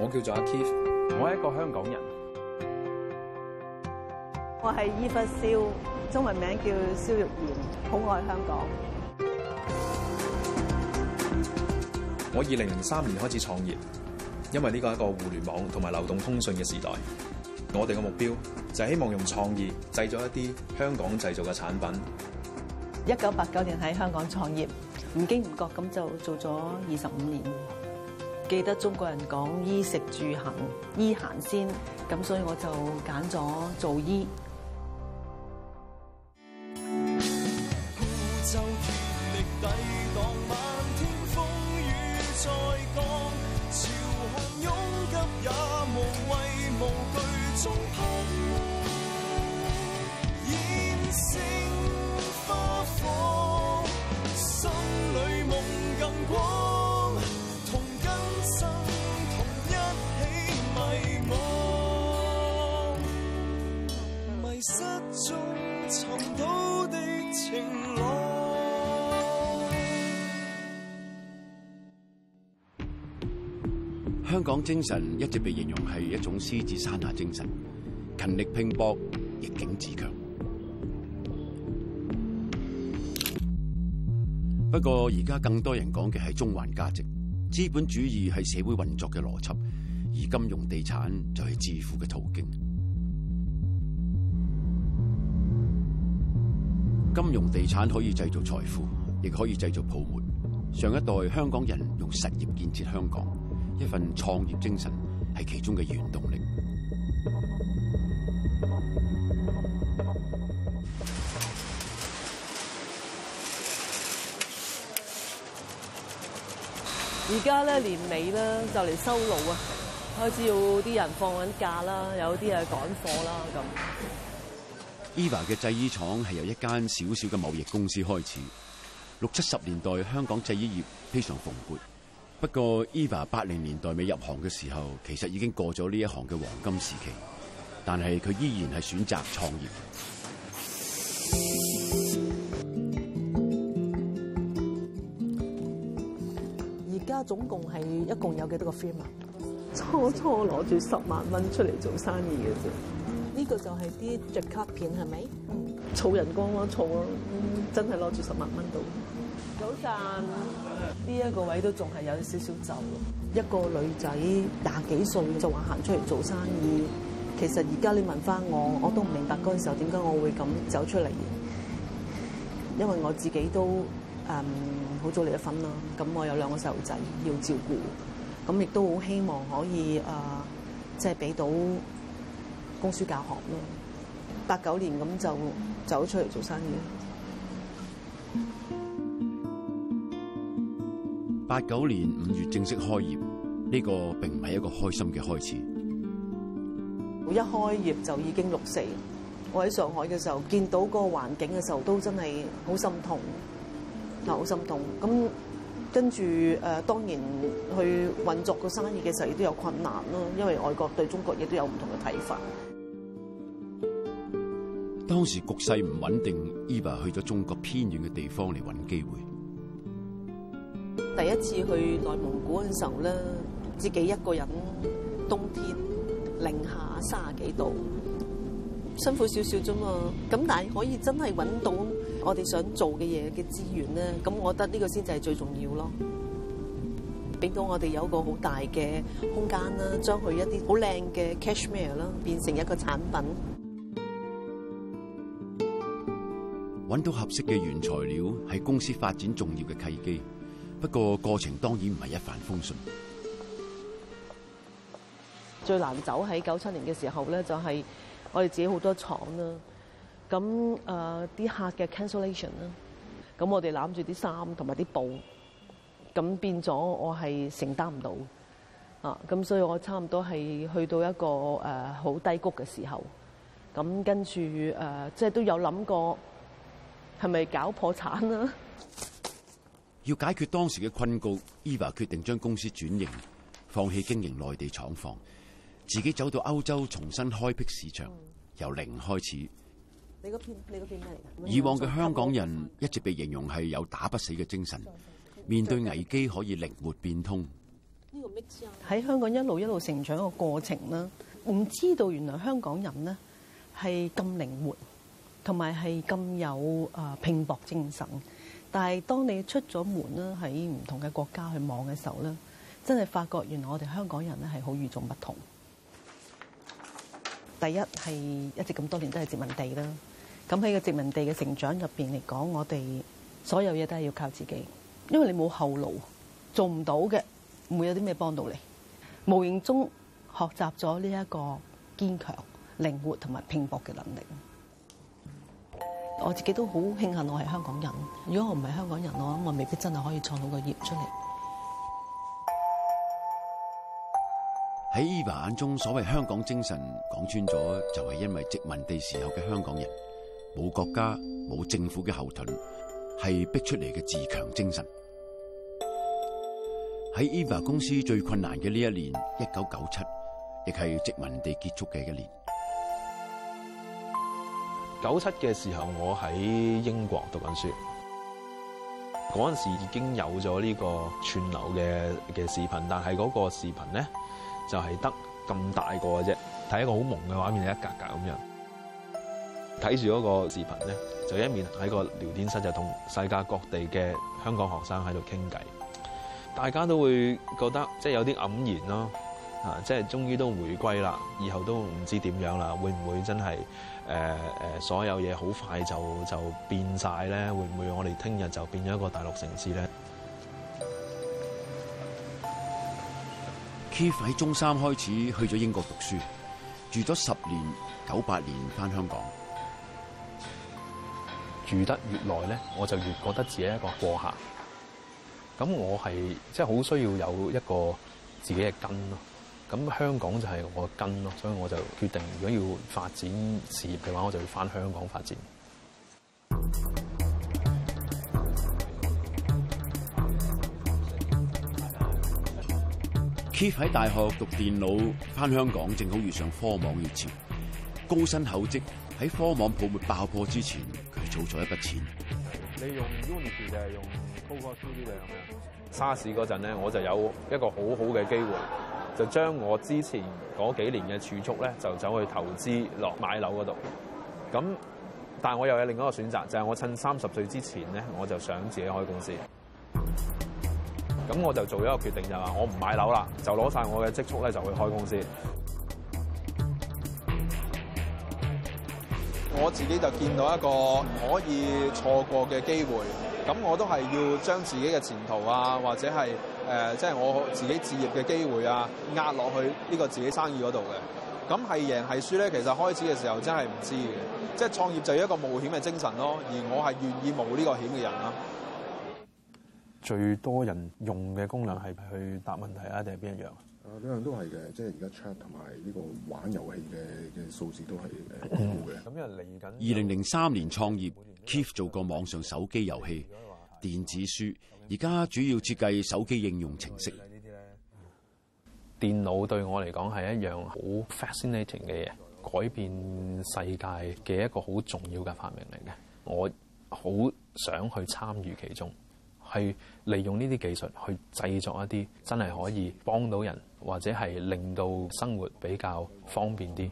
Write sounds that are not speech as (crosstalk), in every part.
我叫做阿 Keith，我係一個香港人。我係 Eva 蕭，中文名叫蕭玉妍，好愛香港。我二零零三年開始創業，因為呢個係一個互聯網同埋流動通訊嘅時代，我哋嘅目標就係希望用創意製作一啲香港製造嘅產品。一九八九年喺香港創業，唔經唔覺咁就做咗二十五年。記得中國人講衣食住行，衣行先，咁所以我就揀咗做衣。 (music) 到的香港精神一直被形容係一種獅子山下精神，勤力拼搏，逆境自強。不過而家更多人講嘅係中環價值，資本主義係社會運作嘅邏輯，而金融地產就係致富嘅途徑。金融地產可以製造財富，亦可以製造泡沫。上一代香港人用實業建設香港，一份創業精神係其中嘅原動力。而家咧年尾啦，就嚟收爐啊，開始要啲人放緊假啦，有啲係趕貨啦咁。Eva 嘅製衣廠係由一間小小嘅貿易公司開始。六七十年代香港製衣業非常蓬勃，不過 Eva 八零年代尾入行嘅時候，其實已經過咗呢一行嘅黃金時期。但係佢依然係選擇創業。而家總共係一共有幾多個 firm 啊？初初攞住十萬蚊出嚟做生意嘅啫。呢、這個就係啲着卡片係咪，啊啊？嗯，儲人工咯，儲咯，真係攞住十萬蚊度。早晨，呢、嗯、一、這個位都仲係有少少就。一個女仔廿幾歲就話行出嚟做生意，其實而家你問翻我，我都唔明白嗰陣時候點解我會咁走出嚟。因為我自己都誒好、嗯、早離咗婚啦，咁我有兩個細路仔要照顧，咁亦都好希望可以誒、呃、即係俾到。公書教學咯，八九年咁就走出嚟做生意。八九年五月正式開業，呢個並唔係一個開心嘅開始。我一開業就已經六四。我喺上海嘅時候見到個環境嘅時候都真係好心痛，嗱，好心痛。咁跟住誒當然去運作個生意嘅時候亦都有困難咯，因為外國對中國亦都有唔同嘅睇法。當時局勢唔穩定，Eva 去咗中國偏遠嘅地方嚟揾機會。第一次去內蒙古嗰陣時候，咧，自己一個人，冬天零下三十幾度，辛苦少少啫嘛。咁但係可以真係揾到我哋想做嘅嘢嘅資源咧，咁我覺得呢個先至係最重要咯。俾到我哋有一個好大嘅空間啦，將佢一啲好靚嘅 cashmere 啦，變成一個產品。搵到合適嘅原材料係公司發展重要嘅契機，不過過程當然唔係一帆風順。最難走喺九七年嘅時候咧，就係我哋自己好多廠啦。咁誒、啲、呃、客嘅 cancellation 啦，咁我哋攬住啲衫同埋啲布，咁變咗我係承擔唔到啊。咁所以我差唔多係去到一個誒好、呃、低谷嘅時候。咁跟住誒、呃，即係都有諗過。係咪搞破產啊？要解決當時嘅困局，Eva 決定將公司轉型，放棄經營內地廠房，自己走到歐洲重新開闢市場，由零開始。你嗰片，你嗰片咩嚟㗎？以往嘅香港人一直被形容係有打不死嘅精神，面對危機可以靈活變通。呢個喺香港一路一路成長嘅過程啦，唔知道原來香港人呢係咁靈活，同埋係咁有誒拼搏精神，但係當你出咗門啦，喺唔同嘅國家去望嘅時候咧，真係發覺原來我哋香港人咧係好與眾不同。第一係一直咁多年都係殖民地啦，咁喺個殖民地嘅成長入邊嚟講，我哋所有嘢都係要靠自己，因為你冇後路，做唔到嘅，唔會有啲咩幫到你。無形中學習咗呢一個堅強、靈活同埋拼搏嘅能力。我自己都好慶幸，我係香港人。如果我唔係香港人，我諗我未必真係可以創到個業出嚟。喺 Eva 眼中，所謂香港精神講穿咗，就係因為殖民地時候嘅香港人冇國家、冇政府嘅後盾，係逼出嚟嘅自強精神。喺 Eva 公司最困難嘅呢一年，一九九七，亦係殖民地結束嘅一年。九七嘅時候，我喺英國讀緊書，嗰陣時已經有咗呢個串流嘅嘅視頻，但係嗰個視頻咧就係得咁大個嘅啫，睇一個好朦嘅畫面，一格格咁樣。睇住嗰個視頻咧，就一面喺個聊天室就同世界各地嘅香港學生喺度傾偈，大家都會覺得即係、就是、有啲黯然咯。啊！即係終於都回歸啦，以後都唔知點樣啦。會唔會真係誒誒，所有嘢好快就就變晒咧？會唔會我哋聽日就變咗一個大陸城市咧？Keith 喺中三開始去咗英國讀書，住咗十年，九八年，返香港住得越耐咧，我就越覺得自己一個過客。咁我係即係好需要有一個自己嘅根咯。咁香港就係我根咯，所以我就決定，如果要發展事業嘅話，我就要翻香港發展。Keith 喺大學讀電腦，翻香港正好遇上科網熱潮，高薪厚職，喺科網泡沫爆破之前，佢儲咗一筆錢。你用 YouTube 定係用 Google c 搜啲嘢？沙士嗰陣咧，我就有一個好好嘅機會。就將我之前嗰幾年嘅儲蓄咧，就走去投資落買樓嗰度。咁，但係我又有另一個選擇，就係、是、我趁三十歲之前咧，我就想自己開公司。咁我就做咗一個決定，就話、是、我唔買樓啦，就攞晒我嘅積蓄咧，就去開公司。我自己就見到一個唔可以錯過嘅機會。咁我都係要將自己嘅前途啊，或者係誒，即係我自己置業嘅機會啊，壓落去呢個自己生意嗰度嘅。咁係贏係輸咧，其實開始嘅時候真係唔知嘅。即係創業就要一個冒險嘅精神咯，而我係願意冒呢個險嘅人啦、啊。最多人用嘅功能係去答問題啊，定係邊一樣啊？兩樣都係嘅，即係而家 chat 同埋呢個玩遊戲嘅嘅數字都係誒高嘅。咁啊嚟緊。二零零三年創業 Keith 做過網上手機遊戲、電子書，而家主要設計手機應用程式。電腦對我嚟講係一樣好 fascinating 嘅嘢，改變世界嘅一個好重要嘅發明嚟嘅。我好想去參與其中，去利用呢啲技術去製作一啲真係可以幫到人，或者係令到生活比較方便啲。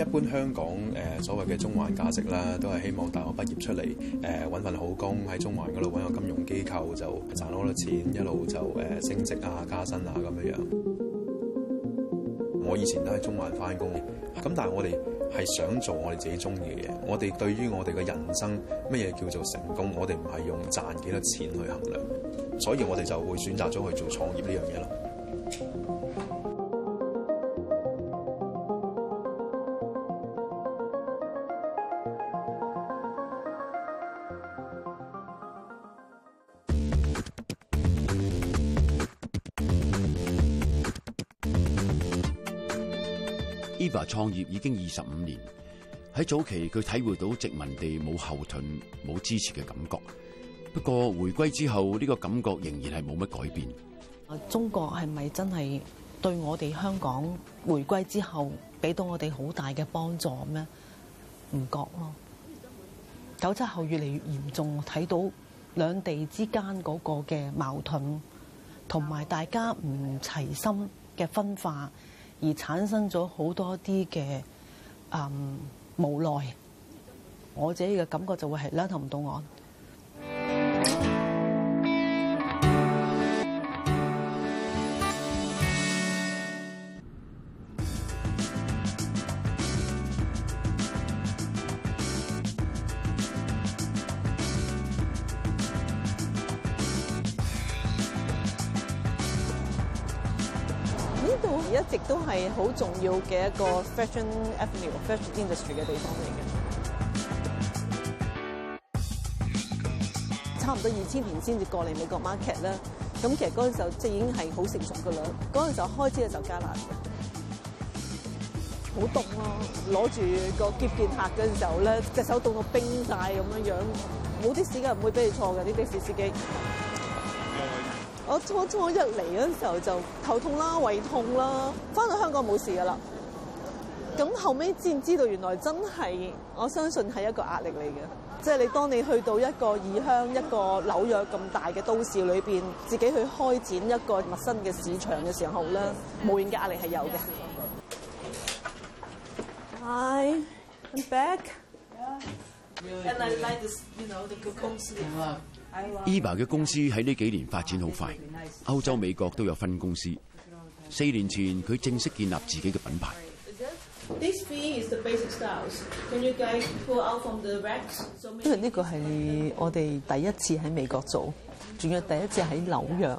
一般香港誒、呃、所謂嘅中環價值啦，都係希望大學畢業出嚟，誒，揾份好工，喺中環嗰度揾個金融機構，就賺好多錢，一路就誒、呃、升職啊加薪啊咁樣樣。我以前都喺中環返工嘅，咁但係我哋係想做我哋自己中意嘅。我哋對於我哋嘅人生乜嘢叫做成功，我哋唔係用賺幾多錢去衡量，所以我哋就會選擇咗去做創業呢樣嘢咯。Eva 創業已經二十五年，喺早期佢體會到殖民地冇後盾、冇支持嘅感覺。不過回歸之後，呢個感覺仍然係冇乜改變。中國係咪真係對我哋香港回歸之後俾到我哋好大嘅幫助咩？唔覺咯。九七後越嚟越嚴重，睇到兩地之間嗰個嘅矛盾，同埋大家唔齊心嘅分化。而產生咗好多啲嘅誒無奈，我自己嘅感覺就會係兩頭唔到岸。重要嘅一個 fashion avenue，fashion industry 嘅地方嚟嘅。差唔多二千年先至過嚟美國 market 啦。咁其實嗰陣時候即係已經係好成熟噶啦。嗰陣時候開始嘅時候加拿大，好凍咯。攞住個鉛電客嘅時候咧，隻手凍到冰晒咁樣樣。冇，的士嘅唔會俾你坐嘅啲的士司機。我初初一嚟嗰陣時候就頭痛啦、胃痛啦，翻到香港冇事噶啦。咁後尾先知，知道原來真係，我相信係一個壓力嚟嘅。即係你當你去到一個異鄉、一個紐約咁大嘅都市裏邊，自己去開展一個陌生嘅市場嘅時候咧，無形嘅壓力係有嘅。Hi, I'm back.、Yeah. And I like this, you know, the cocoon Eva 嘅公司喺呢幾年發展好快，歐洲、美國都有分公司。四年前佢正式建立自己嘅品牌。因為呢個係我哋第一次喺美國做，仲要第一次喺紐約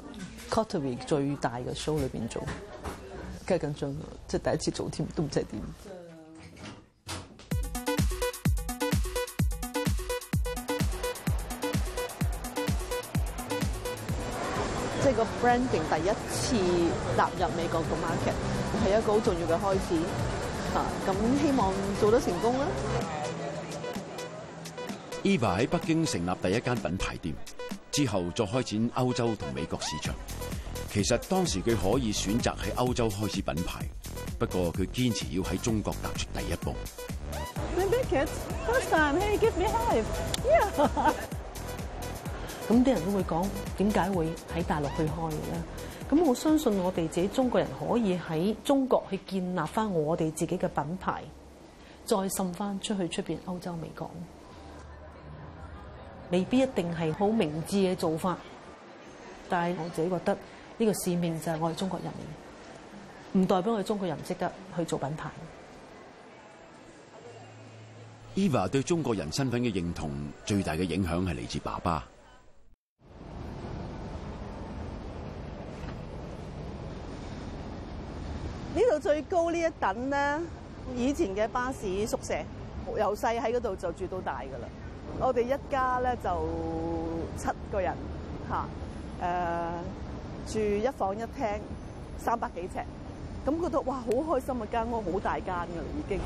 Cottery 最大嘅 show 裏邊做，梗係緊張啦。即係第一次做添，都唔知係點。個 branding 第一次踏入美國嘅 market，係一個好重要嘅開始吓。咁希望做得成功啦。Eva 喺北京成立第一間品牌店之後，再開展歐洲同美國市場。其實當時佢可以選擇喺歐洲開始品牌，不過佢堅持要喺中國踏出第一步。First time, Hey, give me five. Yeah. 咁啲人都會講點解會喺大陸去開嘅咧？咁我相信我哋自己中國人可以喺中國去建立翻我哋自己嘅品牌，再滲翻出去出面歐洲、美國，未必一定係好明智嘅做法。但係我自己覺得呢個市面就係我哋中國人嘅，唔代表我哋中國人唔識得去做品牌。Eva 對中國人身份嘅認同最大嘅影響係嚟自爸爸。最高呢一等咧，以前嘅巴士宿舍，由細喺嗰度就住到大噶啦。我哋一家咧就七個人，吓、啊，誒住一房一廳，三百幾尺，咁覺得哇好開心啊！間屋好大間噶啦，已經。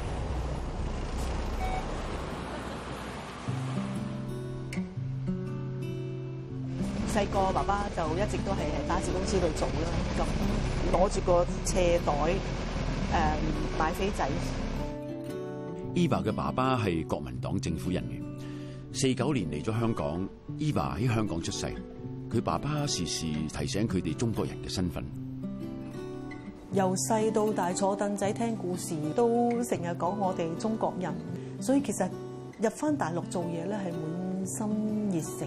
細個 (noise) 爸爸就一直都係喺巴士公司度做啦，咁攞住個車袋。誒、um,，大死仔！Eva 嘅爸爸係國民黨政府人員，四九年嚟咗香港，Eva 喺香港出世，佢爸爸時時提醒佢哋中國人嘅身份。由細到大坐凳仔聽故事，都成日講我哋中國人，所以其實入翻大陸做嘢咧係滿心熱誠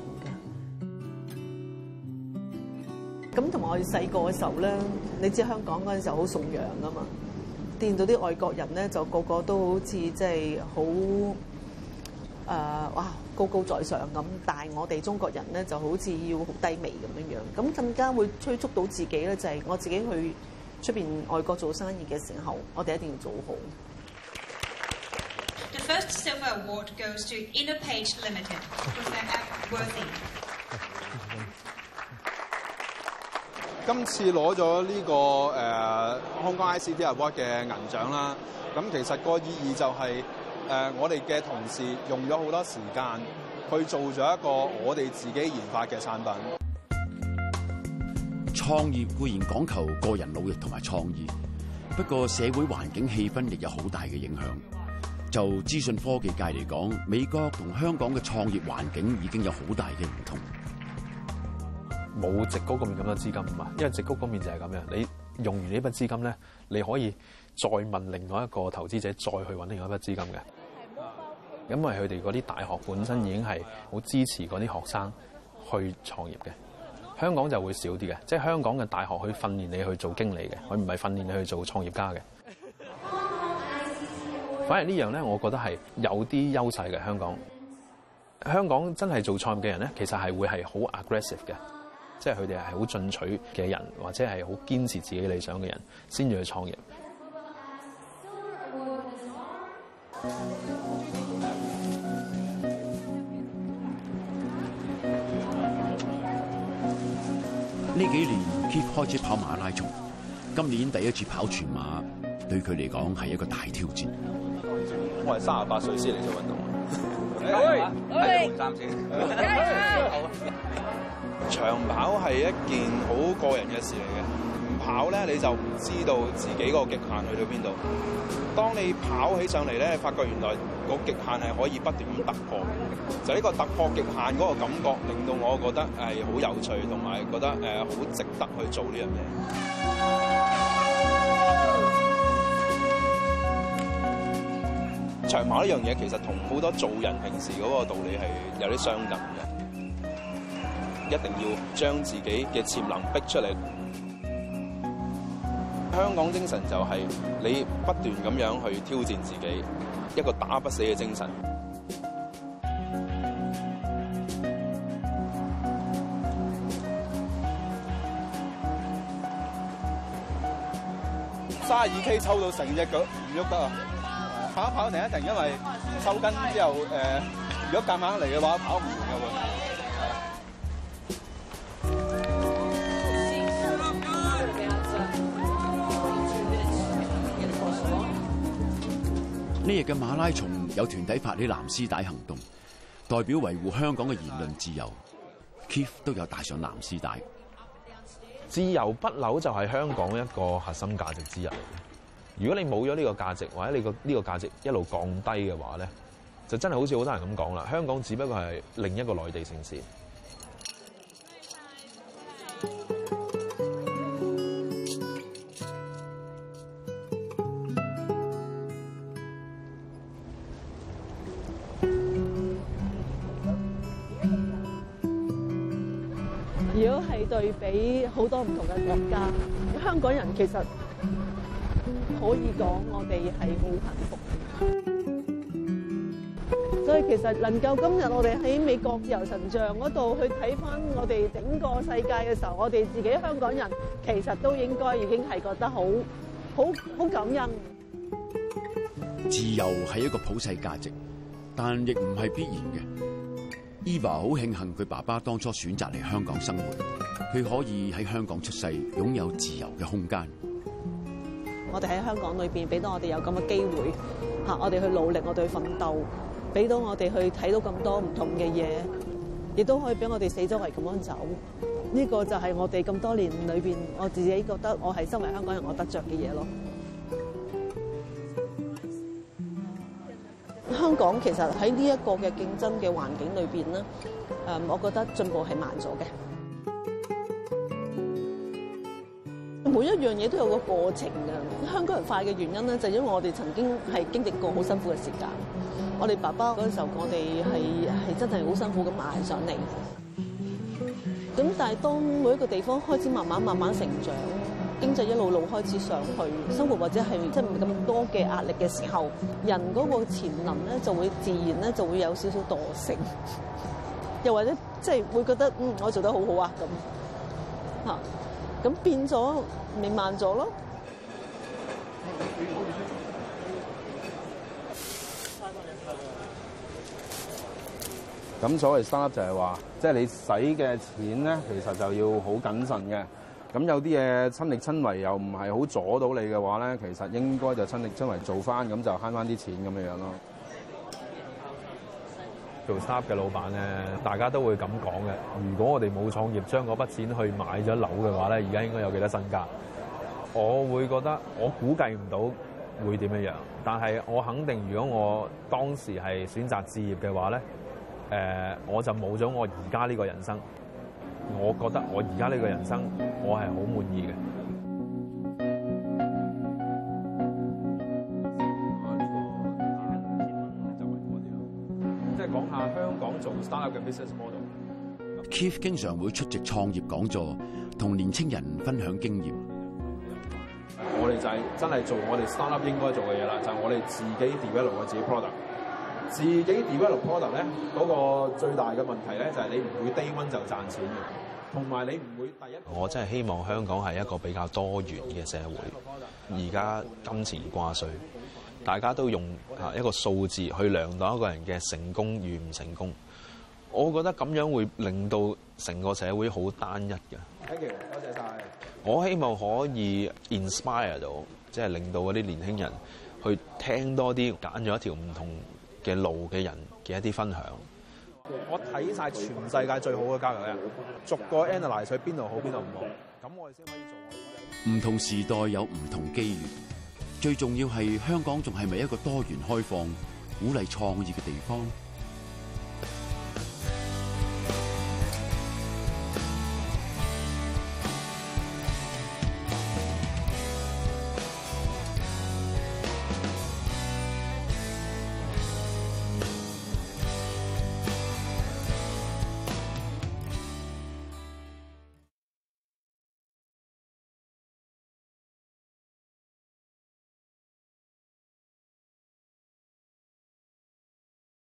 噶。咁同埋我哋細個嘅時候咧，你知香港嗰陣時候好崇洋噶嘛？見到啲外國人咧，就個個都好似即係好誒，哇，高高在上咁。但係我哋中國人咧，就好似要好低微咁樣樣。咁更加會催促到自己咧，就係、是、我自己去出面外國做生意嘅時候，我哋一定要做好。The first 今次攞咗呢個誒香港 ICT Award 嘅銀獎啦，咁其實個意義就係、是呃、我哋嘅同事用咗好多時間去做咗一個我哋自己研發嘅產品。創業固然講求個人努力同埋創意，不過社會環境氣氛亦有好大嘅影響。就資訊科技界嚟講，美國同香港嘅創業環境已經有好大嘅唔同。冇矽谷嗰面咁多資金啊嘛，因為矽谷嗰面就係咁樣，你用完呢筆資金咧，你可以再問另外一個投資者再去揾另外一筆資金嘅。因為佢哋嗰啲大學本身已經係好支持嗰啲學生去創業嘅。香港就會少啲嘅，即係香港嘅大學去訓練你去做經理嘅，佢唔係訓練你去做創業家嘅。反而呢樣咧，我覺得係有啲優勢嘅香港。香港真係做創業嘅人咧，其實係會係好 aggressive 嘅。即係佢哋係好進取嘅人，或者係好堅持自己理想嘅人，先至去創業。呢幾年 keep 開始跑馬拉松，今年第一次跑全馬，對佢嚟講係一個大挑戰。我係三十八歲先嚟做運動啊！長跑係一件好個人嘅事嚟嘅，唔跑咧你就唔知道自己個極限去到邊度。當你跑起上嚟咧，發覺原來個極限係可以不斷去突破。就係呢個突破極限嗰個感覺，令到我覺得係好有趣，同埋覺得誒好值得去做呢樣嘢。長跑呢樣嘢其實同好多做人平時嗰個道理係有啲相近嘅。一定要將自己嘅潛能逼出嚟。香港精神就係你不斷咁樣去挑戰自己，一個打不死嘅精神。三十二 K 抽到成隻腳唔喐得啊！跑一跑停一停，因為抽筋之後誒、呃，如果夾硬嚟嘅話，跑唔完㗎喎。呢日嘅馬拉松有團體發起藍絲帶行動，代表維護香港嘅言論自由。Keith 都有戴上藍絲帶。自由不朽就係香港一個核心價值之一嚟嘅。如果你冇咗呢個價值，或者你個呢個價值一路降低嘅話咧，就真係好似好多人咁講啦。香港只不過係另一個內地城市。對比好多唔同嘅國家，香港人其實可以講，我哋係好幸福嘅。所以其實能夠今日我哋喺美國自由神像嗰度去睇返我哋整個世界嘅時候，我哋自己香港人其實都應該已經係覺得好好好感恩。自由係一個普世價值，但亦唔係必然嘅。Eva 好慶幸佢爸爸當初選擇嚟香港生活。佢可以喺香港出世，擁有自由嘅空間。我哋喺香港裏邊，俾到我哋有咁嘅機會嚇，我哋去努力，我哋去奮鬥，俾到我哋去睇到咁多唔同嘅嘢，亦都可以俾我哋四周圍咁樣走。呢個就係我哋咁多年裏邊，我自己覺得我係身為香港人，我得着嘅嘢咯。香港其實喺呢一個嘅競爭嘅環境裏邊咧，誒，我覺得進步係慢咗嘅。每一樣嘢都有個過程㗎！香港人快嘅原因咧，就係因為我哋曾經係經歷過好辛苦嘅時間。我哋爸爸嗰陣時候我哋係，我哋係係真係好辛苦咁捱上嚟。咁但係當每一個地方開始慢慢慢慢成長，經濟一路路開始上去，生活或者係即係唔咁多嘅壓力嘅時候，人嗰個潛能咧就會自然咧就會有少少惰性，又或者即係會覺得，嗯，我做得好好啊咁嚇。咁變咗咪慢咗咯？咁所謂 start up，就係話，即係你使嘅錢咧，其實就要好謹慎嘅。咁有啲嘢親力親為又唔係好阻到你嘅話咧，其實應該就親力親為做翻，咁就慳翻啲錢咁樣囉。咯。做差嘅老闆咧，大家都會咁講嘅。如果我哋冇創業，將嗰筆錢去買咗樓嘅話咧，而家應該有幾多身家？我會覺得我估計唔到會點樣樣。但係我肯定，如果我當時係選擇置業嘅話咧，誒、呃、我就冇咗我而家呢個人生。我覺得我而家呢個人生，我係好滿意嘅。Keith 經常會出席創業講座，同年青人分享經驗。我哋就係真係做我哋 startup 應該做嘅嘢啦，就係我哋自己 develop 我自己 product。自己 develop product 咧，嗰個最大嘅問題咧，就係你唔會低温就賺錢，同埋你唔會第一。我真係希望香港係一個比較多元嘅社會。而家金錢掛帥，大家都用一個數字去量度一個人嘅成功與唔成功。我覺得咁樣會令到成個社會好單一㗎。多謝晒，我希望可以 inspire 到，即係令到嗰啲年輕人去聽多啲揀咗一條唔同嘅路嘅人嘅一啲分享。我睇晒全世界最好嘅交友，嘅，逐個 analyze 去邊度好邊度唔好，咁我哋先可以做我哋。唔同時代有唔同機遇，最重要係香港仲係咪一個多元開放、鼓勵創意嘅地方？